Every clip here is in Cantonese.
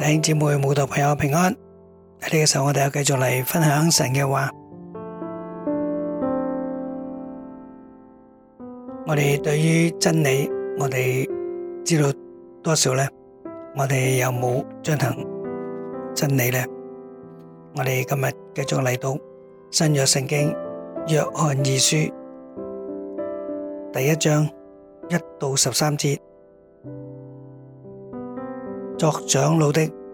弟兄姊妹、慕道朋友平安！喺呢個時候，我哋又繼續嚟分享神嘅話。我哋對於真理，我哋知道多少呢？我哋有冇進行真理呢？我哋今日繼續嚟讀新約聖經約翰二書第一章一到十三節，作長老的。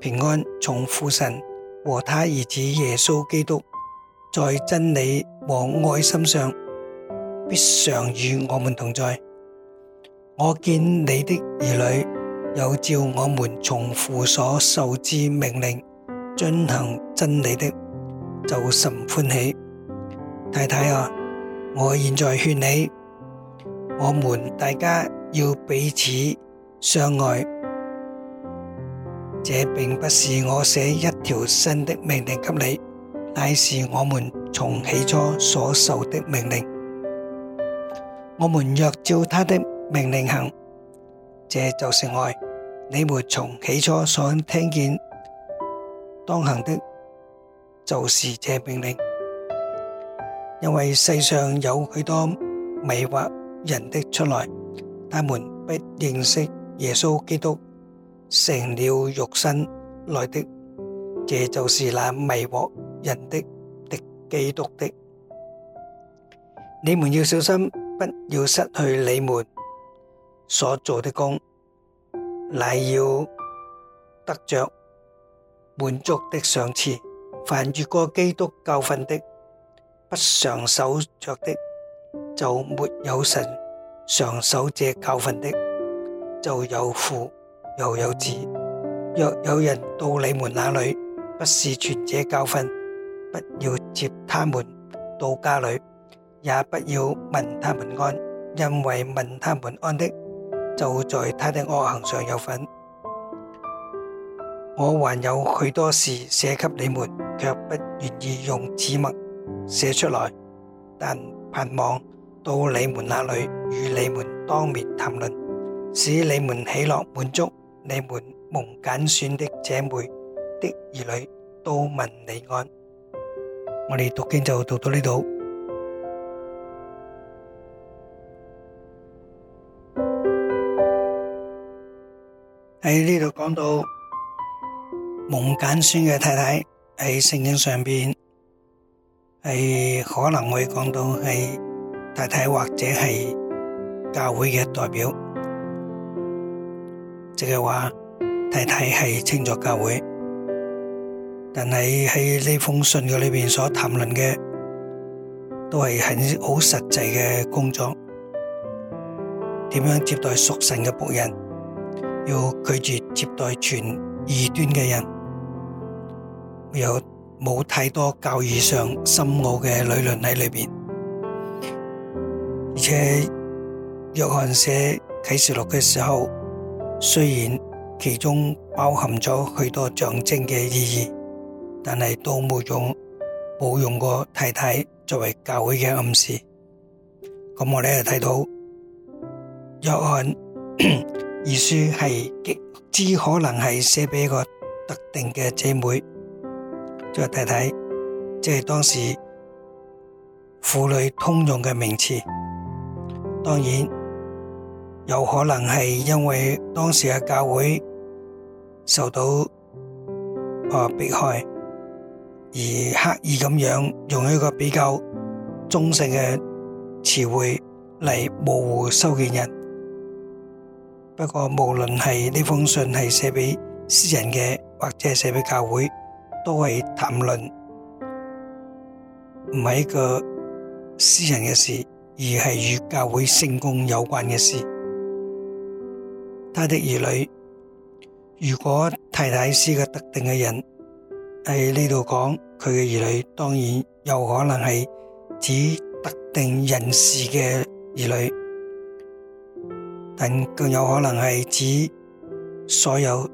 平安從父神和他兒子耶穌基督，在真理和愛心上，必常與我們同在。我見你的兒女有照我們從父所受之命令遵行真理的，就甚歡喜。太太啊，我現在勸你，我們大家要彼此相愛。這並不是我寫一條新的命令給你，乃是我們從起初所受的命令。我們若照他的命令行，這就是愛。你們從起初所聽見當行的，就是這命令。因為世上有許多迷惑人的出來，他們不認識耶穌基督。成了肉身來的，這就是那迷惑人的的基督的。你們要小心，不要失去你們所做的工。乃要得着滿足的賞賜。凡越過基督教訓的，不常守着的，就沒有神；常守這教訓的，就有父。又有子，若有人到你們那裏，不是傳者教訓，不要接他們到家裏，也不要問他們安，因為問他們安的，就在他的惡行上有份。我還有許多事寫給你們，卻不願意用紙墨寫出來，但盼望到你們那裏，與你們當面談論，使你們喜樂滿足。你們蒙揀選的姐妹的兒女都問你安。我哋讀經就讀到呢度。喺呢度講到蒙揀選嘅太太喺聖經上面，係可能會講到係太太或者係教會嘅代表。即係話太太係清咗教會，但係喺呢封信嘅裏邊所談論嘅，都係很好實際嘅工作，點樣接待屬神嘅僕人，要拒絕接待全異端嘅人，有冇太多教義上深奧嘅理論喺裏邊，而且約翰寫啟示錄嘅時候。雖然其中包含咗許多象徵嘅意義，但係都冇用冇用過太太作為教會嘅暗示。咁我哋就睇到約翰二書係極之可能係寫俾一個特定嘅姐妹。再、那個、太太，即係當時婦女通用嘅名詞，當然。有可能係因為當時嘅教會受到啊迫害，而刻意咁樣用一個比較中性嘅詞彙嚟模糊收件人。不過無論係呢封信係寫俾私人嘅，或者寫俾教會，都係談論唔係一個私人嘅事，而係與教會聖工有關嘅事。他的兒女，如果太太是個特定嘅人，喺呢度講佢嘅兒女，當然有可能係指特定人士嘅兒女，但更有可能係指所有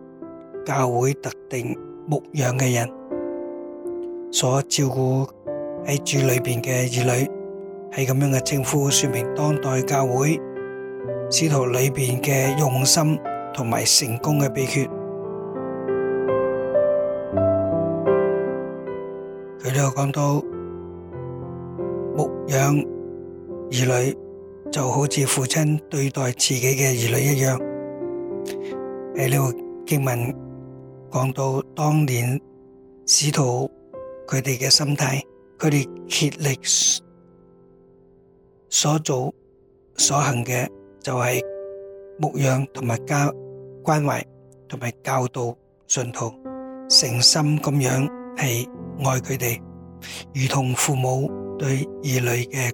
教會特定牧養嘅人所照顧喺主裏邊嘅兒女，係咁樣嘅稱呼，說明當代教會，使徒裏邊嘅用心同埋成功嘅秘訣，佢呢度講到牧養兒女就好似父親對待自己嘅兒女一樣。喺呢度經文講到當年使徒佢哋嘅心態，佢哋竭力所做所行嘅。就係牧養同埋加關懷同埋教導信徒，誠心咁樣係愛佢哋，如同父母對兒女嘅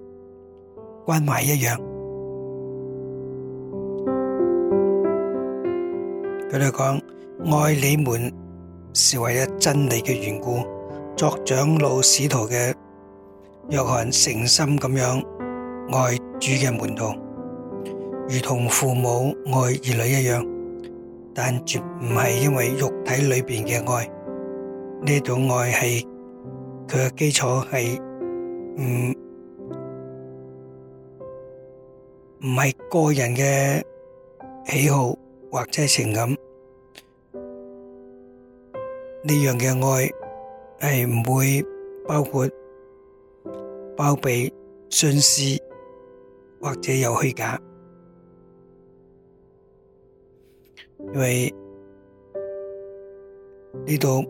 關懷一樣。佢哋講愛你們是為咗真理嘅緣故，作長老使徒嘅約翰誠心咁樣愛主嘅門徒。如同父母愛兒女一樣，但絕唔係因為肉體裏邊嘅愛。呢種愛係佢嘅基礎，係唔唔係個人嘅喜好或者情感。呢樣嘅愛係唔會包括包庇、徇私或者有虛假。因為呢度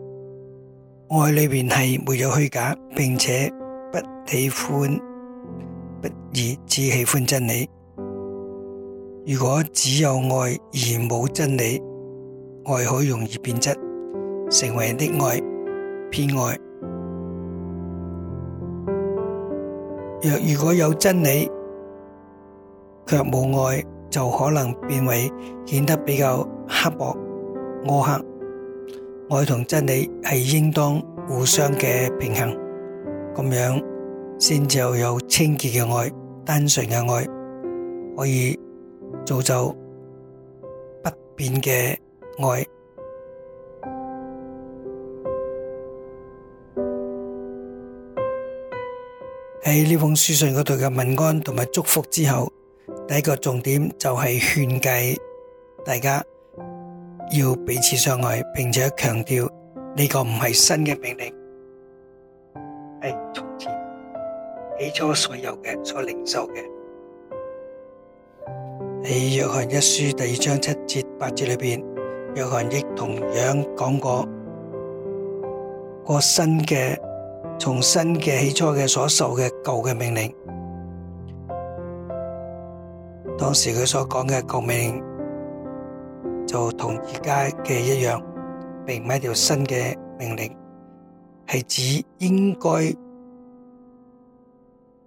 愛裏邊係沒有虛假，並且不喜歡，不義只喜歡真理。如果只有愛而冇真理，愛好容易變質，成為人的愛、偏愛。若如果有真理，却冇愛。就可能變為顯得比較刻薄，苛刻。愛同真理係應當互相嘅平衡，咁樣先至有清潔嘅愛、單純嘅愛，可以造就不變嘅愛。喺呢封書信嗰度嘅問安同埋祝福之後。第一個重點就係勸誡大家要彼此相愛，並且強調呢個唔係新嘅命令，係從前起初所有嘅所領受嘅。喺約翰一書第二章七節八節裏邊，約翰亦同樣講過個新嘅、從新嘅、起初嘅所受嘅舊嘅命令。當時佢所講嘅舊命就同而家嘅一樣，並唔係條新嘅命令，係指應該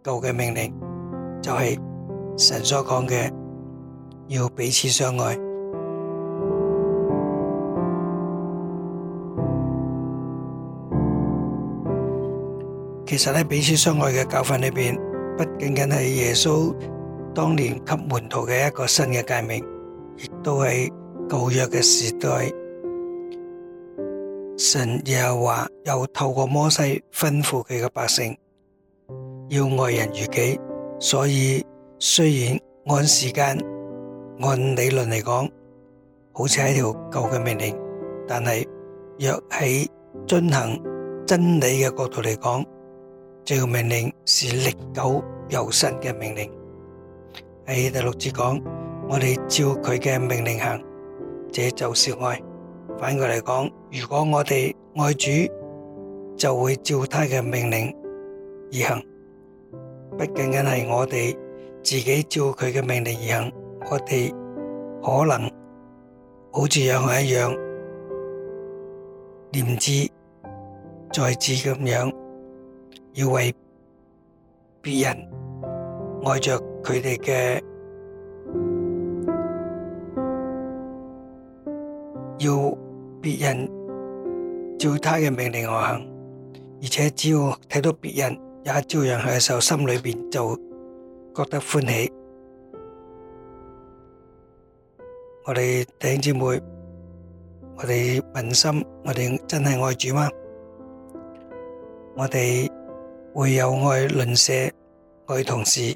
舊嘅命令，就係神所講嘅要彼此相愛。其實喺彼此相愛嘅教訓裏面，不僅僅係耶穌。當年給門徒嘅一個新嘅誡命，亦都係舊約嘅時代，神又話又透過摩西吩咐佢嘅百姓要愛人如己，所以雖然按時間按理論嚟講，好似係條舊嘅命令，但係若喺遵行真理嘅角度嚟講，呢個命令是歷久猶新嘅命令。喺第六節講，我哋照佢嘅命令行，這就是愛。反過嚟講，如果我哋愛主，就會照他嘅命令而行。不僅僅係我哋自己照佢嘅命令而行，我哋可能好似養愛一樣，念之在之咁樣，要為別人愛着。佢哋嘅要別人照他嘅命令而行，而且只要睇到別人也照樣享受，心裏邊就覺得歡喜。我哋弟兄姊妹，我哋問心，我哋真係愛主嗎？我哋會有愛鄰舍，愛同事，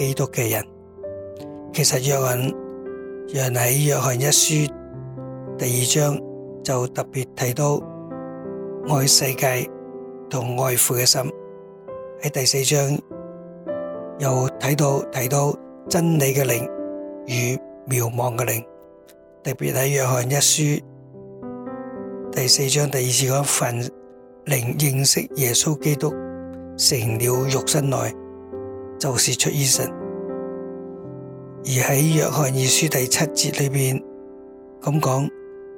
基督嘅人，其實約翰，約翰喺約翰一書第二章就特別提到愛世界同愛父嘅心，喺第四章又睇到睇到真理嘅靈與謬妄嘅靈，特別喺約翰一書第四章第二次嗰份靈認識耶穌基督成了肉身來就是出於神，而喺約翰二書第七節裏邊咁講，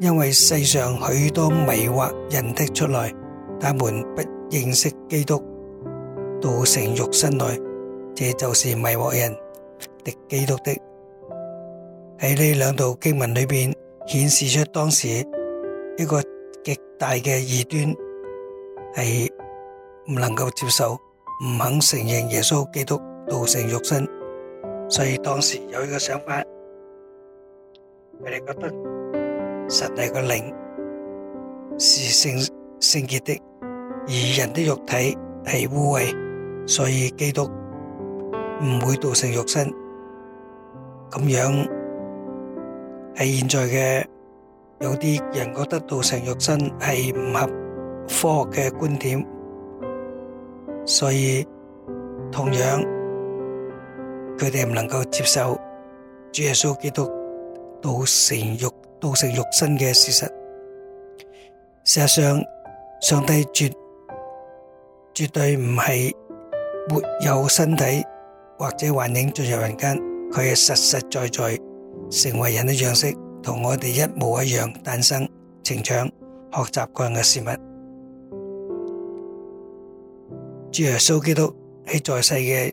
因為世上許多迷惑人的出來，他們不認識基督，道成肉身內，這就是迷惑人的敵基督的。喺呢兩道經文裏邊，顯示出當時一個極大嘅異端，係唔能夠接受，唔肯承認耶穌基督。道成肉身，所以當時有呢個想法，佢哋覺得神係個靈，是聖聖潔的，而人的肉體係污穢，所以基督唔會道成肉身。咁樣喺現在嘅有啲人覺得道成肉身係唔合科學嘅觀點，所以同樣。佢哋唔能夠接受主耶穌基督到成肉到成肉身嘅事實。事實上，上帝絕絕對唔係沒有身體或者幻影進入人間，佢係實實在在成為人嘅樣式，同我哋一模一樣，誕生、成長、學習各樣嘅事物。主耶穌基督喺在世嘅。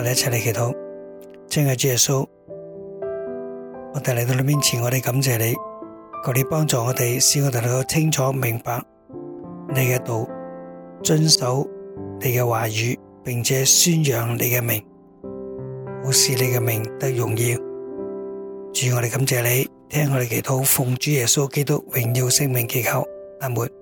我哋一齊嚟祈禱，親愛主耶穌，我哋嚟到你面前，我哋感謝你，求你幫助我哋，使我哋能夠清楚明白你嘅道，遵守你嘅話語，並且宣揚你嘅名，好使你嘅名得榮耀。主，我哋感謝你，聽我哋祈禱，奉主耶穌基督榮耀聖名祈求，阿門。